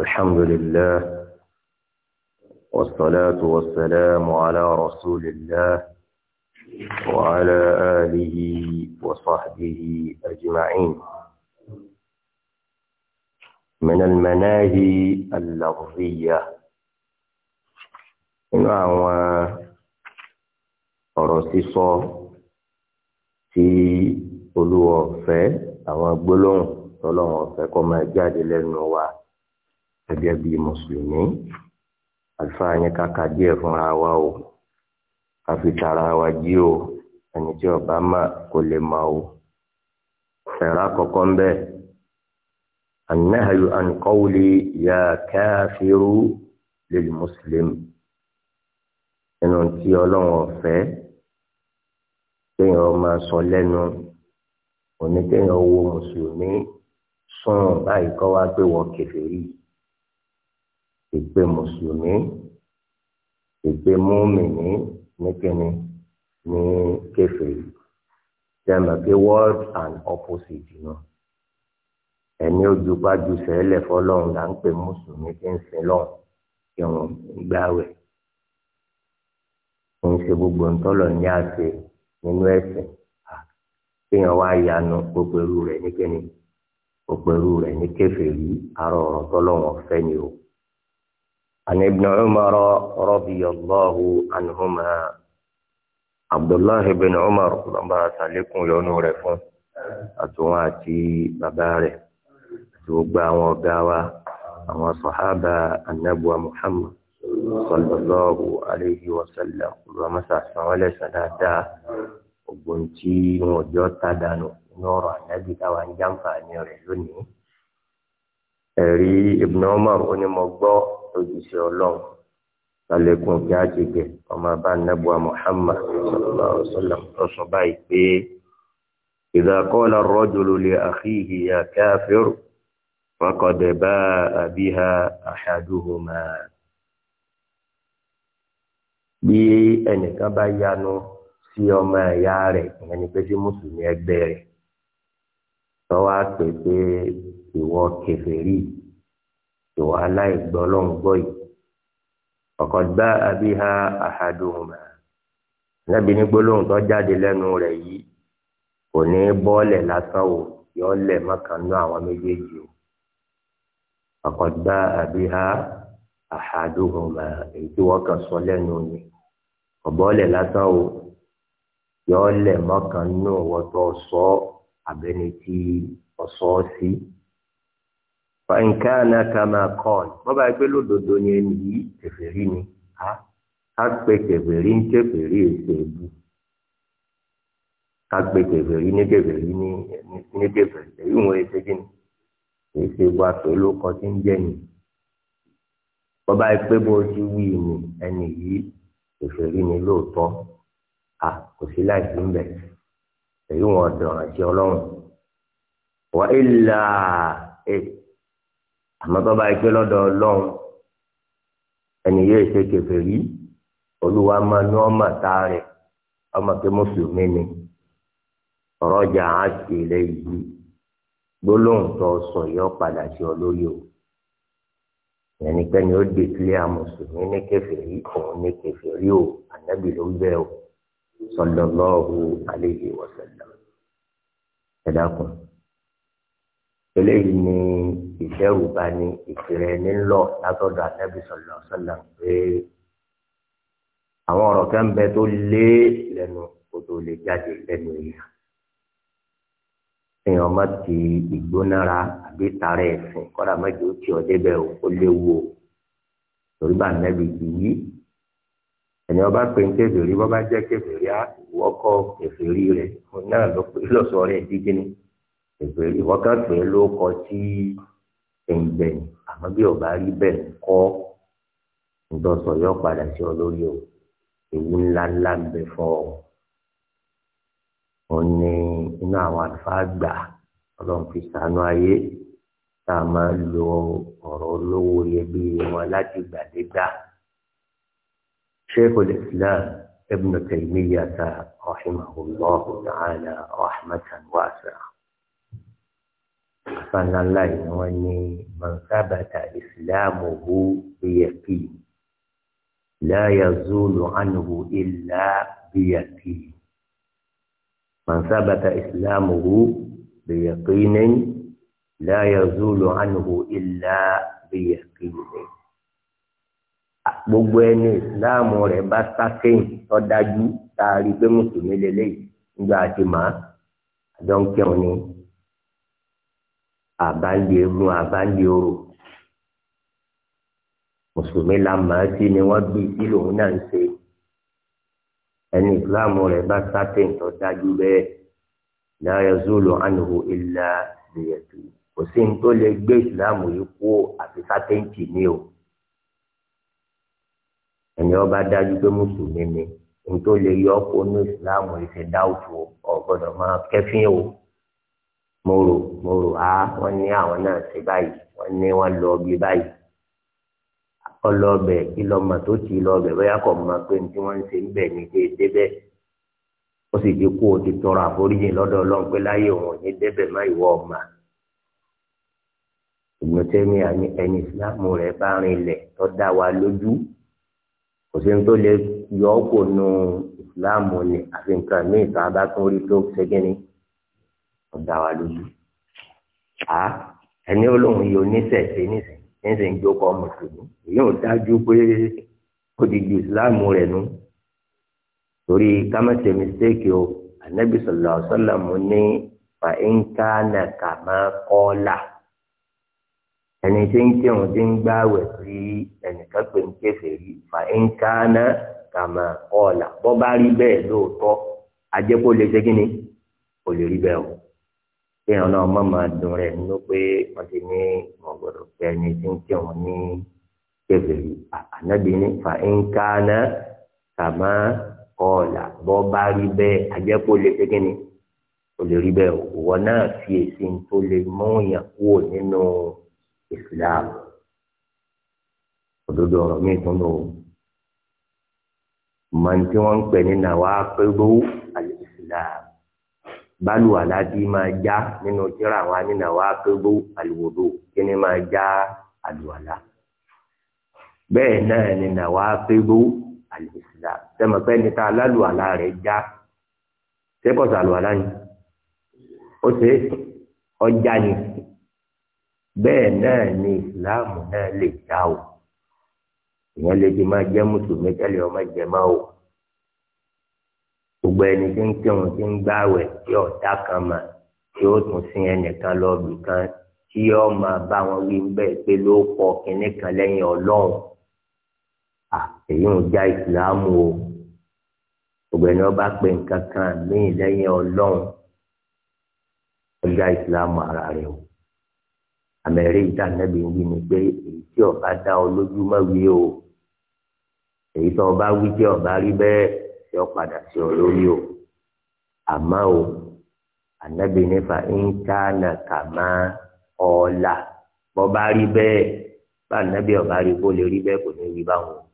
الحمد لله والصلاة والسلام على رسول الله وعلى آله وصحبه أجمعين من المناهي اللفظية إن أرسل في olúwa ọ̀fẹ́ àwọn gbólóhùn tọ́lọ́hùn ọ̀fẹ́ kọ́ máa jáde lẹ́nu wa gẹ́gẹ́ bíi mùsùlùmí àlùfáà yẹn kàkà díẹ̀ fúnra wa o ká fi tara wa jí o ẹni tí ọba mà kò lè mà o fẹ̀rẹ̀ àkọ́kọ́ ń bẹ́ẹ̀ annahayu an ya káfíru lil muslim ẹnu tí ọlọ́run ọ̀fẹ́ kéèyàn máa sọ lẹ́nu òní kéèyàn mùsùlùmí sùn báyìí kọ́ wá pé wọ́n kèfèrí yìí ìpè mùsùlùmí ìpè múmìnì nìkíni ní kèfèrí tẹmọ pé word and opposite náà ẹni ojúpájú sẹ́lẹ̀ fọlọ́run là ń pè mùsùlùmí tí ń sin lọ́run kí wọ́n gbáwẹ̀ ń ṣe gbogbo ńtọ́lọ̀ ní àṣẹ nínú ẹ̀sìn kéèyàn wá yanu òpèrú rẹ̀ ní kíni òpèrú rẹ̀ ní kèfèrí àrò ọ̀rọ̀ tọ́lọ́run ọ̀fẹ́ ni o. عن ابن عمر رضي الله عنهما عبد الله بن عمر لما سالكم يونو رفون أتوا أتي بباره أتوقع وقاوة أما صحابة النبوة محمد صلى الله عليه وسلم وما سأسمعوا سنادا وبنتي وجوتا دانو نور نبي توان جنفا نير لني ẹ̀rí Ibn Umar ó ní mo gbọ́ òjìṣẹ́ ọlọ́run lálẹ́kùn kí á ti gẹ̀ ọmọ bá nẹ́bùa Muhammad sallallahu alaihi wasallam tó sọ báyìí pé idha qala ar-rajulu li akhihi ya kafir faqad ba'a biha ahaduhuma. bí ẹnìkan bá yanu sí ọmọ ẹ̀yà rẹ̀ ìyẹn pé sí mùsùlùmí ẹgbẹ́ rẹ̀ tọ́wọ́ pé pé ìwọ kèfèrí ìwọ aláìgbọ́ ló ń gbọ́ yìí ọ̀kọ̀ gbá abiha ahaduhuma lẹ́bi ní gbólóhùn tó jáde lẹ́nu rẹ̀ yìí kò ní bọ́ọ̀lẹ̀ lásán o yọ lẹ̀ mọ́kànnú àwọn méjèèjì o ọ̀kọ̀ gbá abiha ahaduhuma èyí tí wọ́n kàn sọ lẹ́nu ni ọ̀bọ́ọ̀lẹ̀ lásán o yọ lẹ̀ mọ́kànnú ọ̀wọ́tọ̀ sọ ọ́ abẹ́ni tí ọ̀sọ́ sí. fàǹkànà kàmá kọ́ọ̀n wọ́n bá yẹ pé lódodo ni ẹni yìí kèfèrí ni a ká pé kèfèrí ń kèfèrí èsè ebu ká pé kèfèrí ní kèfèrí ní ní kèfèrí èyí wọn èsè kíni èsè ebu àpè ló kọ tí ń jẹ ni wọ́n bá yẹ bó ti wí ni ẹni yìí kèfèrí ni lóòótọ́ a kò sí láì sí ń bẹ̀rẹ̀ èyí wọn dọ̀ràn jẹ́ ọlọ́run wà ilà ẹ àmọ́ tó bá gbé lọ́dọ̀ ọlọ́run ẹni yóò ṣe kèfèrí olúwa máa ní ọmọ tá a rẹ ọmọ pé mùsùlùmí ni ọ̀rọ̀ ọjà á sì lè yí gbólóhùn tó sọ yọ padà sí ọ lórí o ẹnikẹ́ni ó dèkílẹ̀ àmùsùlùmí ní kèfèrí òun ní kèfèrí o ànábì ló bẹ́ẹ̀ o sallallahu alayhi wa sallam ẹ dákun eléyìí ni ìṣẹ́rùbá ni ìṣẹ̀rẹ̀ nílọ látọ̀dọ̀ ànábì sọ̀lọ̀ sọ̀lọ̀ pé àwọn ọ̀rọ̀ kan bẹ tó lé lẹ́nu kó tó lè jáde lẹ́nu yìí èèyàn má ti ìgbónára àbí tara ẹ̀sìn kọ́dà má jẹ́ ó ti ọdẹ bẹ́ẹ̀ ó léwu o torí bá ànábì ti ẹni ọba pè ń kèfèrí bọba jẹ kèfèrí á wọkọ kèfèrí rẹ òun náà ló pé lọsọ rẹ ni kèfèrí wọkàn pé ló kọ sí ẹ̀ǹgbẹ̀ àmọ́ bí ọba rí bẹ́ẹ̀ kọ́ ńdọsọ yọ padà sí ọ lórí o ewu ńlá ńlá ń bẹ fún ọ òun ni inú àwọn àlùfáà gbà Ọlọ́run fi sànú ayé tá a máa lo ọ̀rọ̀ olówó iyebíye wọn láti gbàdégbà. شيخ الإسلام ابن تيمية رحمه الله تعالى رحمة واسعة فان الله ينوني من ثبت إسلامه بيقين لا يزول عنه إلا بيقين من ثبت إسلامه بيقين لا يزول عنه إلا بيقين gbogbo ẹni ìsìláàmù rẹ̀ bá sákẹ́yìn tó dájú tá a rí i pé mùsùlùmí lélẹ́yìí nígbà àti màá àjọǹkẹ́hùn ni àbáńdì egun àbáńdì orò mùsùlùmí la màá sí ni wọ́n bí kí lòun náà ń ṣe ẹni ìsìláàmù rẹ̀ bá sákẹ́yìn tó dájú bẹ́ẹ̀ la yazulu anhu illa kò sí ní tó lè gbé ìsìláàmù yìí kú àfi sákẹ́yìn tì ní o ẹni ọba dájú pé mùsùlùmí ni nítorí lè yọ ọkọ ní ìsìláàmù ìṣe dáùtù ọ gbọ́dọ̀ máa kẹfín o mo rò mo rò á wọn ní àwọn náà ṣe báyìí wọn ní wọn lọ gbé báyìí ọlọbẹ ìlọmọ tó ti lọbẹ bóyá kò mọ pé ní tí wọn ń ṣe ń bẹ ní déédéé ó sì ti kú o ti tọrọ àforíjì lọ́dọ̀ Ọlọ́run pé láyé òun ò ní débẹ̀ má ìwọ ọmọ ìgbọ̀ntẹ́mi àní ẹni ìsìláàmù rẹ̀ bá rinlẹ̀ tó dá wa lójú kò sí ní tó lè yọ ọ́ kò nu ìsìláàmù ni àfi nǹkan míì tá a bá tún rí tó ṣẹ́gẹ́ ni ó dá wa lójú. a ẹni olóhùn yìí oníṣẹ̀ṣe níṣẹ̀ ń jókòó ọmọ ìṣòro èyí ò dájú pé ó ti ju ìsìláàmù rẹ̀ nu torí kámẹ́tẹ̀ mistake o ànábì sallallahu alaihi wasallam ní fa in kana kama qala ẹni tí ń kírun tí ń gbáwẹ̀ sí ẹnìkan pé ń kéfè rí fa ń kánà kàmà ọ̀là bọ́ bá rí bẹ́ẹ̀ lóòótọ́ ajẹ́ kó lè ṣe kí ni kò lè rí bẹ́ẹ̀ o kéèyàn náà má máa dùn rẹ̀ nínú pé wọ́n ti ní wọ́n gbọ́dọ̀ pé ẹni tí ń kírun ní kéfè rí ànábì ní fa ń kánà kàmà ọ̀là bọ́ bá rí bẹ́ẹ̀ ajẹ́ kó lè ṣe kí ni kò lè rí bẹ́ẹ̀ o ìwọ náà fi èsì tó lè mú yàn kúrò nínú. No islam òdodo ọ̀rọ̀ mi tún lò ó mọ tí wọ́n ń pè ní nàwa pẹ̀lú al-islam bálù aládìí máa já nínú tíra àwọn anínàwa pẹ̀lú al-wudu kí ni máa já àlùwàlà bẹ́ẹ̀ náà ni nàwa pẹ̀lú al-islam sẹ́mi pé níta alálùwàlà rẹ̀ já sẹ́kọ̀sì àlùwàlà ni ó ṣe ọjà ni bẹ́ẹ̀ náà ni ìsìláàmù náà lè já o ìyẹn lè ti máa jẹ́ mùsùlùmí tẹ́lẹ̀ ọmọ jẹ máa o gbogbo ẹni tí ń kírun tí ń gbààwẹ̀ tí ọ̀tá kan mà tí ó tún sin ẹnìkan lọ bìkan tí ó máa bá wọn wí bẹ́ẹ̀ pé ló kọ kinní kan lẹ́yìn ọlọ́run èyí ń já ìsìláàmù o gbogbo ẹni ọba pé nǹkan kan míì lẹ́yìn ọlọ́run ó já ìsìláàmù ara rẹ o àmẹ́rẹ́ ìta nẹ́bí wí ni pé èyí tí ọba dá ọ lójú má wí o èyí tó ọba wí tí ọba rí bẹ́ẹ̀ tí ọ padà sí ọ lórí o àmọ́ o ànẹ́bí nípa ìńtánà kàmá ọ̀la bọ́ba rí bẹ́ẹ̀ bá ànẹ́bí ọba rí kó lè rí bẹ́ẹ̀ kò ní rí báwọn o.